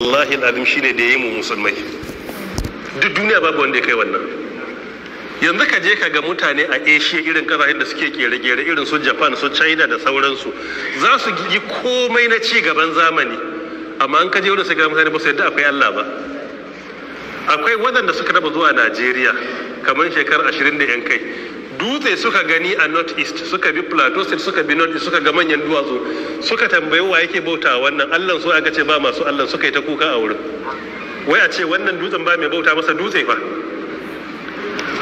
Allahi al'adun shi ne da ya yi mu musulmai duk duniya babu wanda ya kai wannan yanzu ka je ka ga mutane a asia irin kasashen da suke kere-kere irin su japan su china da sauransu za su yi komai na ci gaban zamani amma an kaje wurin sai ga mutane ba su yadda akwai allah ba akwai waɗanda suka taba zuwa najeriya kamar shekar ashirin da yan kai dutse suka gani a north east suka bi plateau state suka bi north east suka ga manyan duwatsu suka tambayi wa yake bauta wannan allah so aka ce ba masu allah suka yi ta kuka a wurin wai a ce wannan dutsen ba mai bauta masa dutse fa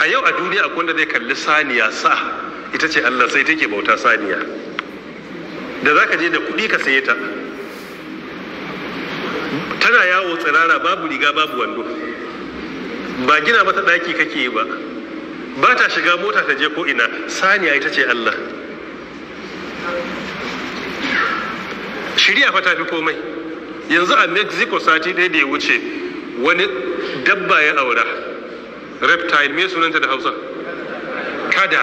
a yau a duniya akwai wanda zai kalli saniya sa ita ce allah sai take bauta saniya da zaka je da kuɗi ka saye ta tana yawo tsirara babu riga babu wando ba gina mata ɗaki kake ba ba ta shiga mota ta je ko ina saniya ita ce Allah shirya fa ta fi komai yanzu a mexico sati ɗaya da ya wuce wani dabba ya aura reptile me sunanta da hausa kada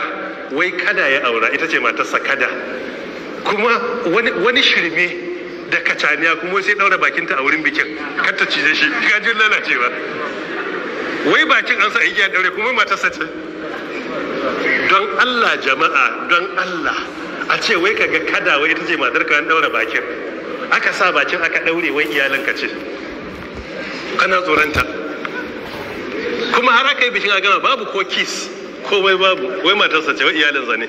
wai kada ya aura ita ce matarsa kada kuma wani shirme da kacaniya kuma sai daura bakinta a wurin bikin kar ta cije shi gajin lalacewa wai bakin an sa igiya daure kuma matarsa ce Allah jama'a don Allah a ce wai kaga kada wai ita ce matar ka daura bakin aka sa bakin aka daure wai ka ce kana tsoronta kuma har aka yi bikin a gama babu ko kiss ko wai babu wai matarsa ce wai sa ne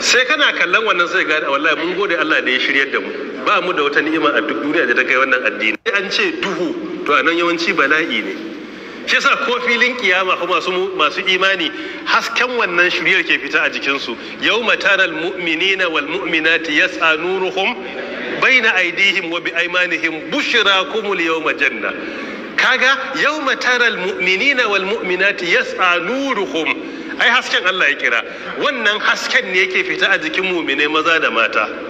sai kana kallon wannan sai ga wallahi mun gode Allah da ya shiryar da mu ba mu da wata ni'ima a duk duniya da ta kai wannan addini sai an ce duhu to anan yawanci bala'i ne shi yasa ko filin kiyama fa masu masu imani hasken wannan shiryar ke fita a jikinsu yawma taral mu'minina wal mu'minati yas'a nuruhum baina aydihim wa bi aymanihim al yawma janna kaga yawma taral mu'minina wal mu'minati yas'a nuruhum ai hasken Allah ya kira wannan hasken ne yake fita a jikin mu'mine maza da mata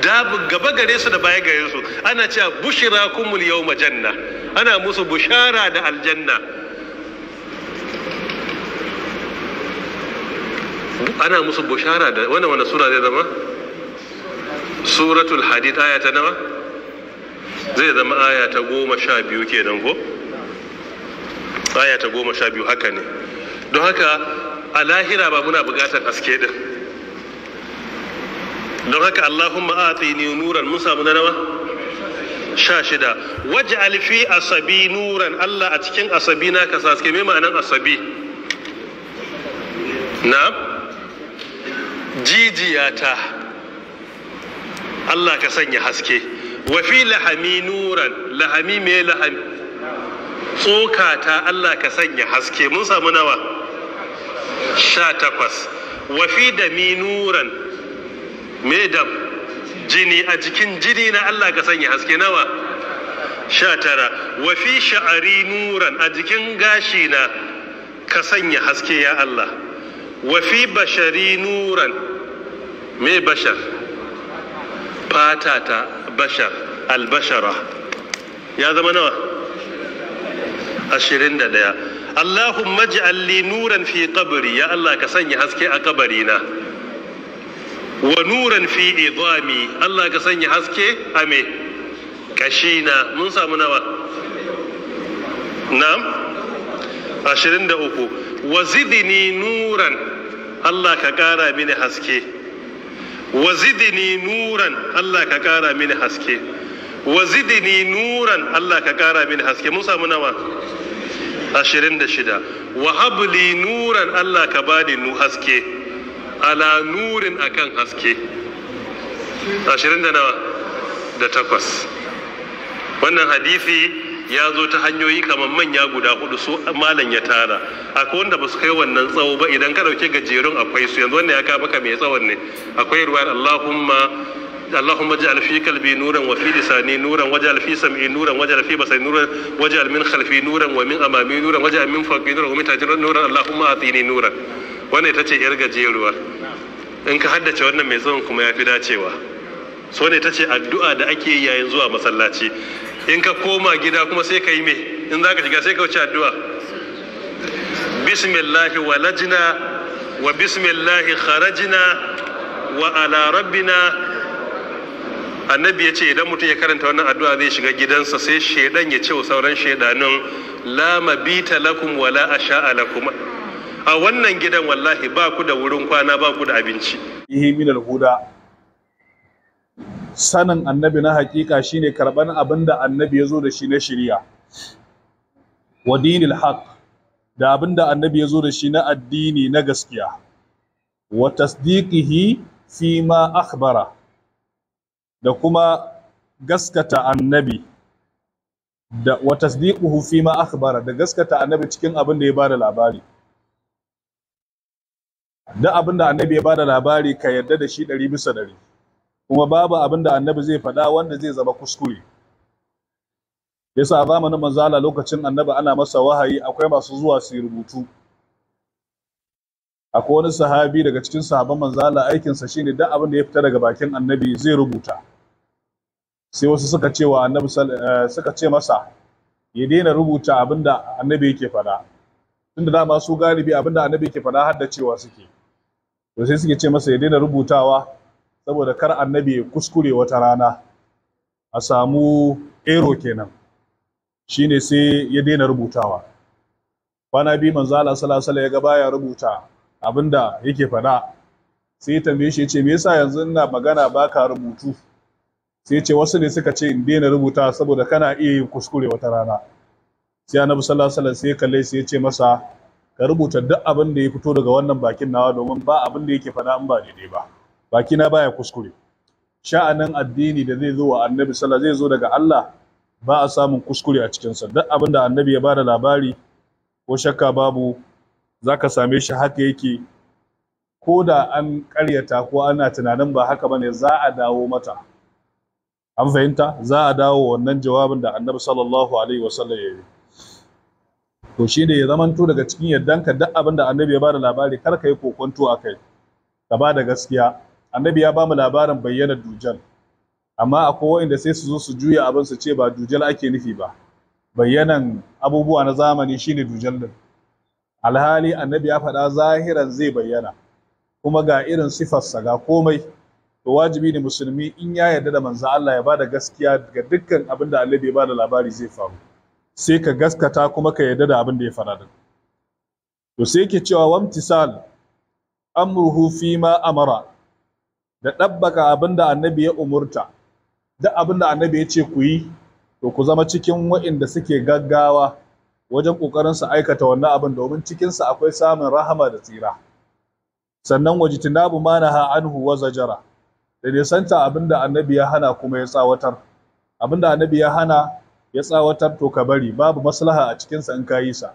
gaba gare su da baya gare su ana cewa bushira kumul yau majanna ana musu bushara da aljanna ana musu bushara da wannan wani sura zai zama suratul hadid aya ta nawa zai zama aya ta goma sha biyu kenan ko aya ta goma sha biyu haka ne don haka a lahira ba muna bukatar haske din don haka Allahumma atini nuran mun samu na nawa sha shida waje alfi asabi nuran Allah a cikin asabi na ka saske me ma'anan asabi na jijiyata Allah ka sanya haske wafi lahami nuran lahami me lahami tsokata Allah ka sanya haske mun samu nawa sha takwas wafi da mi nuran me dab jini a jikin jini na Allah ka sanya haske nawa sha tara wa fi sha'ari nuran a jikin gashi na ka sanya haske ya Allah wa fi bashari nuran me bashar fata ta bashar albashara ya zama nawa ashirin da daya Allahumma ji'alli nuran fi kabari ya Allah ka sanya haske a kabari na wa nuran fi idami Allah ka sanya haske a me kashina mun samu nawa na'am 23 wa zidni nuran Allah ka kara mini haske wa zidni nuran Allah ka kara mini haske wa zidni nuran Allah ka kara mini haske mun samu nawa 26 wa habli nuran Allah ka bani nu haske ala nurin akan haske ashirin da da takwas, wannan hadisi ya zo ta hanyoyi kamar manya guda hudu su malam ya tara akwai wanda ba su kai wannan tsawo ba idan ka dauke gajerun akwai su yanzu wannan ya ka maka mai tsawon ne akwai ruwa Allahumma Allahumma ji fi kalbi nuran wa fi lisani nuran waje fi sam'i nuran waj'al fi basari nuran waje almin khalfi nuran wa min amami nuran waje almin fawqi nuran wa min tahti nuran Allahumma a tsini nuran wannan ita ce yar gajeruwar in ka haddace wannan mai tsawon kuma ya fi dacewa so ne ta ce addu'a da ake yi yayin zuwa masallaci in ka koma gida kuma sai ka yi me in za ka shiga sai ka wuce addu'a bismillahi walajina wa bismillahi kharajina wa ala rabbina annabi ya ce idan mutum ya karanta wannan addu'a zai shiga gidansa sai shaidan ya ce wa sauran shaidanun la mabita lakum wala asha'a lakum a wannan gidan wallahi ba ku da wurin kwana ba ku da abinci ihe minal huda sanin annabi na hakika shine karban abin da annabi ya zo da shi na shari'a wa dinil haq da abin annabi ya zo da shi na addini na gaskiya wa tasdiqihi fi ma akhbara da kuma gaskata annabi da wa tasdiquhu fi ma akhbara da gaskata annabi cikin abin da ya bada labari da abin da annabi ya bada labari ka yarda da shi ɗari bisa ɗari kuma babu abin da annabi zai faɗa wanda zai zama kuskure yasa a zamanin manzala lokacin annabi ana masa wahayi akwai masu zuwa su rubutu akwai wani sahabi daga cikin sahabban manzala aikinsa shine duk abin da ya fita daga bakin annabi zai rubuta sai wasu suka ce annabi eh, suka ce masa ya daina rubuta abin da annabi yake faɗa tunda dama su galibi abin da annabi yake faɗa har da cewa suke to sai suke ce masa ya daina rubutawa saboda kar annabi ya kuskure wata rana a samu ero kenan shine sai ya daina rubutawa kwana biyu manzo Allah sallallahu alaihi ya ga baya rubuta abinda yake faɗa sai ya tambaye shi ya ce me yasa yanzu ina magana baka rubutu sai ya ce wasu ne suka ce in daina rubuta saboda kana iya yin kuskure wata rana sai annabi sallallahu alaihi wasallam sai ya kalle sai ya ce masa ka rubuta duk abin da ya fito daga wannan bakin nawa domin ba abin da yake fana in ba daidai ba bakina baya kuskure sha'anin addini da zai zo wa annabi sallallahu zai zo daga Allah ba a samun kuskure a cikin sa duk abin da annabi ya ba da labari ko shakka babu zaka same shi haka yake ko da an ƙaryata ko ana tunanin ba haka bane za a dawo mata an fahimta za a dawo wannan jawabin da annabi sallallahu alaihi wasallam ya yi to shine ya zamanto daga cikin yardanka duk abin da annabi ya bada labari kar ka yi kokonto a kai ka bada gaskiya annabi ya ba mu labarin bayyana dujal amma akwai wa'inda sai su zo su juya abin su ce ba dujal ake nufi ba bayyanan abubuwa na zamani shine dujal din alhali annabi ya faɗa zahiran zai bayyana kuma ga irin sifarsa ga komai to wajibi ne musulmi in ya yarda da manzo Allah ya bada gaskiya ga dukkan abin da annabi ya bada labari zai faru sai ka gaskata kuma ka yarda da abin da ya fara din to sai yake cewa wamtisal amruhu fi ma amara da ɗabbaka abin da annabi ya umurta Da abin da annabi ya ce ku yi to ku zama cikin wa'inda suke gaggawa wajen kokarin su aikata wannan abin domin cikinsa akwai samun rahama da tsira sannan wajitinabu manaha anhu wa zajara da nisanta abin da annabi ya hana kuma ya tsawatar Abinda annabi ya hana ya tsawatar to ka bari babu maslaha a cikinsa in ka yi sa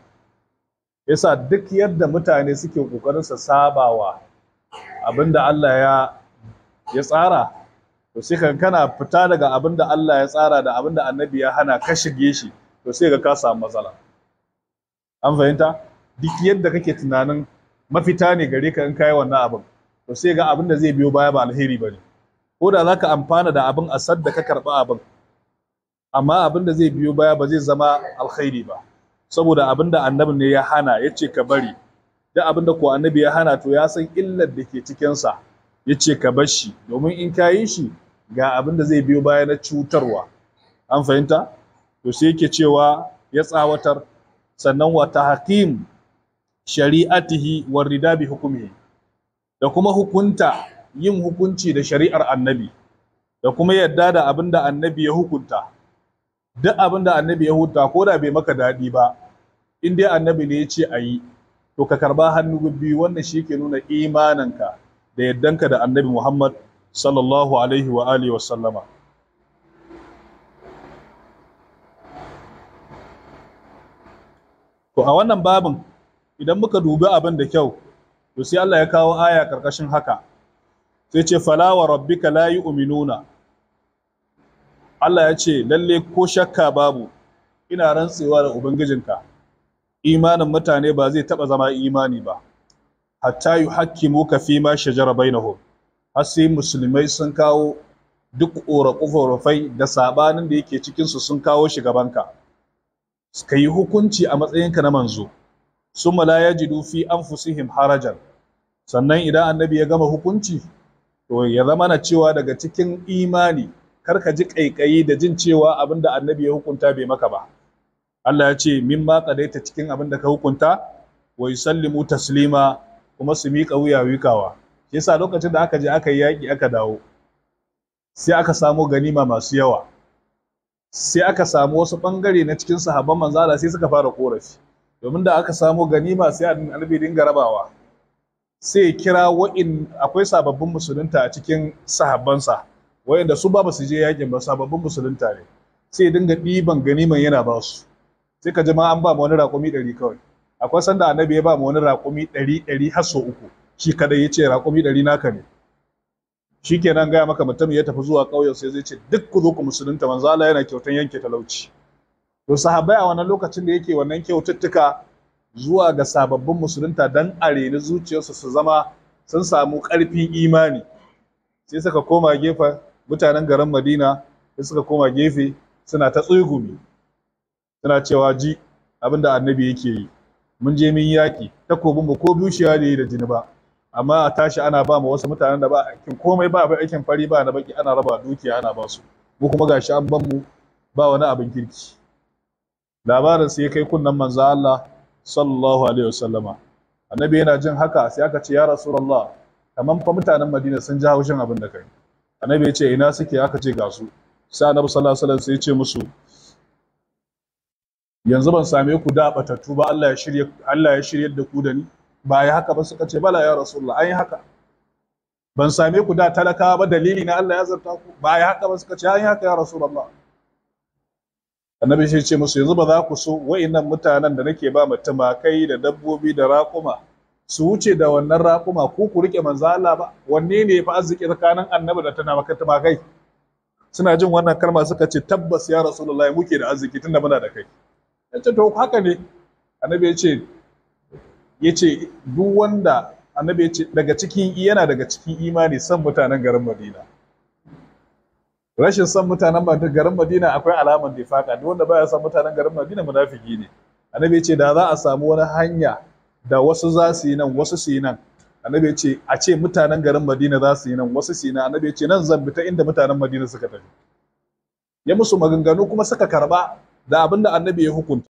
yasa duk yadda mutane suke kokarin sa sabawa abinda Allah ya ya tsara to sai kan kana fita daga abinda Allah ya tsara da abinda annabi ya hana ka shige shi to sai ga ka samu matsala an fahimta duk yadda kake tunanin mafita ne gare ka in kai wannan abin to sai ga abin da zai biyo baya ba alheri bane ko da zaka amfana da abin asad da ka karba abin amma abin da zai biyo baya ba zai zama alkhairi ba saboda abin da annabi ne ya hana ya ce ka bari da abin da ko annabi ya hana to ya san illar da ke cikinsa ya ce ka bar shi domin in ka yi shi ga abin da zai biyo baya na cutarwa an fahimta to sai yake cewa ya tsawatar sannan wa tahqim shari'atihi war rida bi hukmihi da kuma hukunta yin hukunci da shari'ar annabi da kuma yadda da abinda annabi ya hukunta duk abin da annabi ya huta ko da bai maka daɗi ba in dai annabi ne ya ce a yi to ka karba hannu biyu wannan shi ke nuna imaninka da yardanka da annabi muhammad sallallahu alaihi wa alihi wa sallama to a wannan babin idan muka dubi abin da kyau to sai Allah ya kawo aya karkashin haka sai ce fala wa rabbika la yu'minuna Allah ya ce lalle ko shakka babu ina rantsewa da ubangijinka imanin mutane ba zai taba zama imani ba hatta yuhakkimu ka fi ma shajara bainahum har sai musulmai sun kawo duk ƙorafe-ƙorafai da sabanin da yake cikinsu sun kawo shi gabanka ka yi hukunci a matsayinka na manzo summa la yajidu fi anfusihim harajan sannan idan annabi ya gama hukunci to ya zama na cewa daga cikin imani kar ka ji kaikayi da jin cewa abin da annabi ya hukunta bai maka ba Allah ya ce min ma qadaita cikin abin da ka hukunta wa yusallimu taslima kuma su miƙa wuya wikawa yasa lokacin da aka je aka yi yaƙi aka dawo sai aka samo ganima masu yawa sai aka samu wasu bangare na cikin sahabban manzala sai suka fara korafi domin da aka samo ganima sai annabi dinga rabawa sai kira wa'in akwai sababbin musulunta a cikin sahabbansa wayanda su ba ba su je yakin ba sababbin musulunta ne sai dinga ɗiban ganiman yana ba su sai ka jama an ba mu wani raƙumi ɗari kawai akwai sanda annabi ya ba mu wani raƙumi ɗari ɗari har sau uku shi kadai ya ce raƙumi ɗari naka ne shi kenan gaya maka mutum ya tafi zuwa ƙauyen sai zai ce duk ku zo ku musulunta manzo Allah yana kyautan yanke talauci to sahabbai a wannan lokacin da yake wannan kyaututtuka zuwa ga sababbin musulunta dan a reni zuciyarsu su zama sun samu ƙarfin imani sai suka koma gefen mutanen garin madina da suka koma gefe suna ta tsugumi suna cewa ji abinda annabi yake yi mun je min yaƙi takobin mu ko bushiya ne da jini ba amma a tashi ana ba mu wasu mutanen da ba aikin komai ba bai aikin fari ba na baki ana raba dukiya ana ba su mu kuma gashi an ban mu ba wani abin kirki labarin sai kai kunnan manzo Allah sallallahu alaihi wasallama annabi yana jin haka sai aka ce ya rasulullah kaman fa mutanen Madina sun ji haushin abin da kai annabi ya ce ina suke aka ce ga su sai annabi sallallahu alaihi wasallam sai ya ce musu yanzu ban same ku da batattu ba Allah ya shirye Allah ya shirye da ku da ni ba ya haka ba suka ce bala ya rasulullah ai haka ban same ku da talakawa ba dalili na Allah ya zarta ku ba ya haka ba suka ce ai haka ya rasulullah annabi sai ce musu yanzu ba za ku so wa'innan mutanen da nake ba kai da dabbobi da raƙuma su wuce da wannan raƙuma ko ku rike manzo Allah ba wanne ne fa arziki tsakanin annabi da tana makata ma kai suna jin wannan kalma suka ce tabbas ya rasulullahi muke da arziki tunda muna da kai yace to haka ne annabi yace yace duk wanda annabi yace daga cikin yana daga cikin imani san mutanen garin Madina rashin san mutanen garin Madina akwai alamar difaka duk wanda baya san mutanen garin Madina munafiki ne annabi ce da za a samu wani hanya da wasu za su yi nan wasu su yi nan annabi ce a ce mutanen garin madina za su yi nan wasu su yi nan annabi ya ce nan zan ta inda mutanen madina suka tafi ya musu maganganu kuma suka karba da abin da annabi ya hukunta